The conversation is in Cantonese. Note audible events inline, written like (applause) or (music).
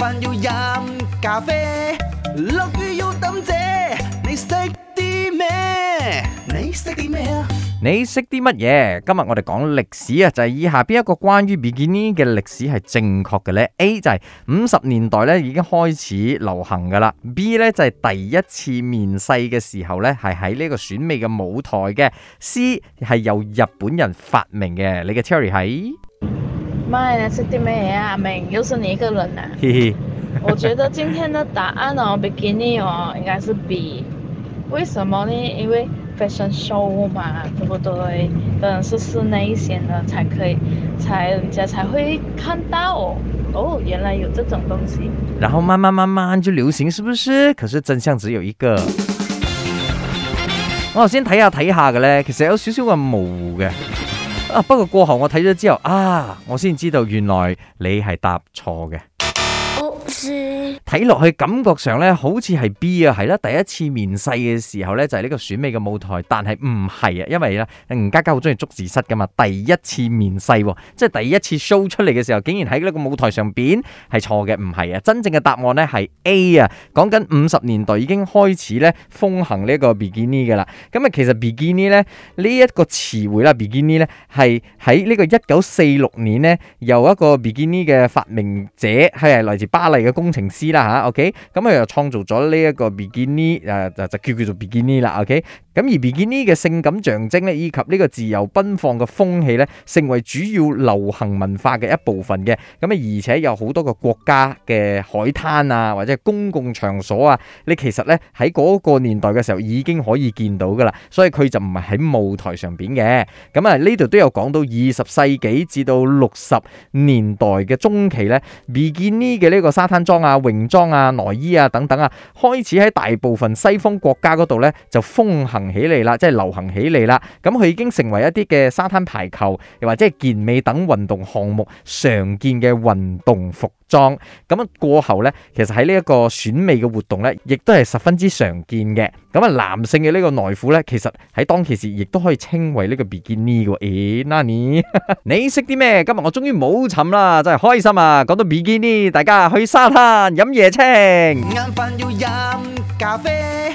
要飲咖啡，你識啲咩？你識啲咩啊？你識啲乜嘢？今日我哋講歷史啊，就係以下邊一個關於 Bikini 嘅歷史係正確嘅咧。A 就係五十年代咧，已經開始流行噶啦。B 咧就係第一次面世嘅時候咧係喺呢個選美嘅舞台嘅。C 係由日本人發明嘅。你嘅 theory 係？MY，你識啲咩啊？又是你一個人呐、啊！嘿嘿。我覺得今天的答案哦，Bikini 哦，應該是 B。為什麼呢？因為 fashion show 嘛，對不對？當然是室內型的才可以，才人家才會看到哦。哦，原來有這種東西。然後慢慢慢慢就流行，是不是？可是真相只有一個。我、 (music) 哦、先睇下睇下嘅咧，其實有少少嘅模糊嘅。啊！不過過後我睇咗之後啊，我先知道原來你係答錯嘅。睇落去感覺上咧，好似係 B 啊，係啦，第一次面世嘅時候咧，就係呢個選美嘅舞台，但係唔係啊，因為啊，吳家嘉好中意捉字蝨噶嘛，第一次面世，即係第一次 show 出嚟嘅時候，竟然喺呢個舞台上邊係錯嘅，唔係啊，真正嘅答案咧係 A 啊，講緊五十年代已經開始咧風行呢個 bikini 嘅啦，咁啊，其實 bikini 呢，呢、呢、一個詞彙啦，bikini 呢，係喺呢個一九四六年呢，由一個 bikini 嘅發明者係嚟自巴。嚟嘅工程師啦吓、啊、ok 咁、嗯、佢又創造咗呢一個 Bikini、啊、就叫叫做 Bikini 啦、啊、ok 咁而比基尼嘅性感象徵咧，以及呢個自由奔放嘅風氣咧，成為主要流行文化嘅一部分嘅。咁啊，而且有好多個國家嘅海灘啊，或者公共場所啊，你其實咧喺嗰年代嘅時候已經可以見到噶啦。所以佢就唔係喺舞台上邊嘅。咁啊，呢度都有講到二十世紀至到六十年代嘅中期咧，比基尼嘅呢個沙灘裝啊、泳裝啊、內衣啊等等啊，開始喺大部分西方國家嗰度咧就風行起嚟啦，即係流行起嚟啦。咁佢已經成為一啲嘅沙灘排球又或者健美等運動項目常見嘅運動服裝。咁啊過後咧，其實喺呢一個選美嘅活動咧，亦都係十分之常見嘅。咁啊，男性嘅呢個內褲咧，其實喺當其時亦都可以稱為呢個比基尼嘅。誒，Nanny，你識啲咩？今日我終於冇沉啦，真係開心啊！講到比基尼，大家去沙灘飲椰青，晏飯要飲咖啡。